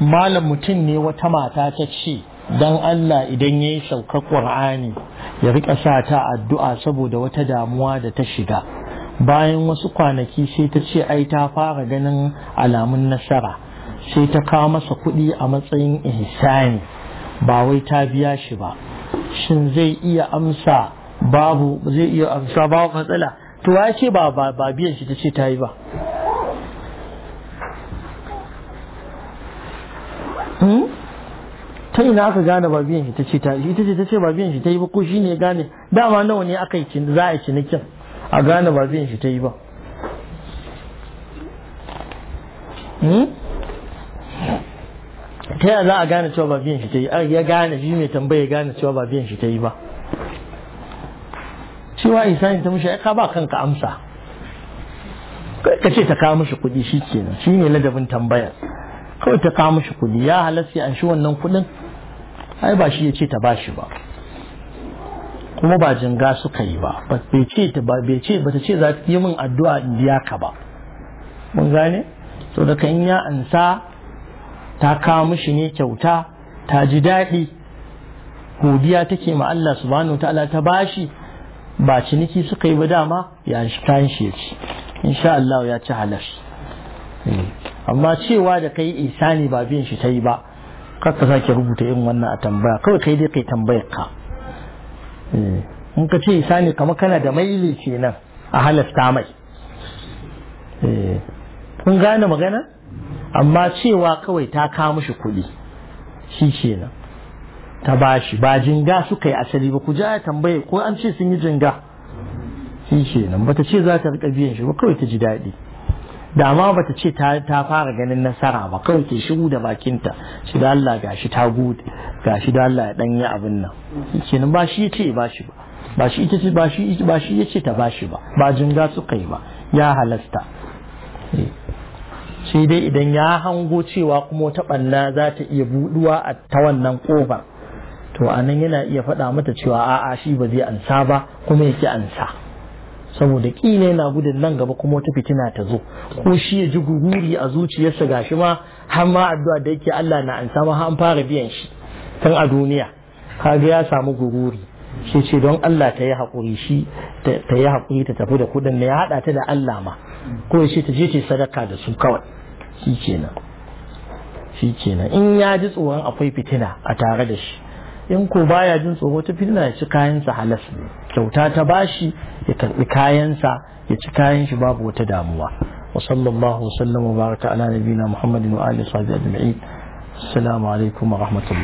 malam mutum ne wata mata ta ce don Allah idan ya yi saukar ƙur'ani ya riƙa sa ta addu'a saboda wata damuwa da ta shiga bayan wasu kwanaki sai ta ce ai ta fara ganin alamun nasara sai ta kawo masa kuɗi a matsayin ihsani ba wai ta biya shi ba shin zai iya amsa babu matsala to ya ce ba biyan shi ta ce ta yi ba Hmm? ta ina aka gane babiyan shi ta ce ta ita ce ta ce babiyan shi ta yi ba ko shi ne gane dama nawa ne aka yi za a yi cinikin a gane babiyan shi ta yi ba hmm? ta yaya za a gane cewa babiyan shi ta yi ya gane shi mai tambaya gane cewa babiyan shi ta yi ba cewa isani ta mushi ka ba kanka amsa ka ce ta kawo mushi kuɗi shi kenan shi ne ladabin tambayar kawai ta kawo mishi kuɗi ya halasta an shi wannan kuɗin ai ba shi ya ce ta ba shi ba kuma ba jinga suka yi ba bai ce ta ba bai ce ba ta ce za ta yi min addu'a in biya ka ba mun gane to da kan ya ansa ta kawo mishi ne kyauta ta ji daɗi godiya take ma Allah subhanahu ta'ala ta bashi ba ciniki suka yi ba dama ya shi kayan shi ya ci insha Allah ya ci halar eh. amma cewa da kai isani ba bin shi ta yi ba kar ka sake rubuta irin wannan a tambaya kawai kai dai kai tambayar ka eh, in ka ce isani kamar kana da maili nan a halasta mai eh, kun gane magana amma cewa kawai ta kawo shi kuɗi shi ce nan ta bashi ba jinga suka yi asali ba ku ja tambaye ko an ce sun yi jinga shi kenan bata ce za ta riƙa biyan shi ba kawai ta ji daɗi da ma bata ce ta fara ganin nasara ba kawai ke shigo da bakinta shi da Allah gashi ta gode gashi da Allah ya danyi abin nan kenan ba shi yace ba shi ba ba shi ita ba shi ba shi yace ta ba shi ba ba jinga su yi ba ya halasta eh. sai dai idan ya hango cewa kuma wata banna za ta iya buduwa a ta wannan kofar to anan yana iya faɗa mata cewa a'a shi ba zai ansa ba kuma yake ansa saboda kila yana gudun nan gaba kuma wata fitina ta zo ko shi ya ji gururi a zuciyarsa gashi ma har ma addu'a da yake Allah na ansa ma an fara biyan shi tun a duniya kaga ya samu gururi. shi ce don Allah ta yi haƙuri shi ta yi haƙuri ta tafi da kuɗin ne ya haɗa ta da Allah ma ko shi ta je ta sadaka da su kawai shi kenan shi kenan in ya ji tsoron akwai fitina a tare da shi in ko baya jin tsoho ta fitna ya ci kayan sa halas kyauta ta bashi ya karbi kayan sa ya ci kayan shi babu wata damuwa wa sallallahu wa sallam wa baraka ala nabiyina muhammadin wa alihi wa sahbihi ajma'in assalamu alaikum wa rahmatullah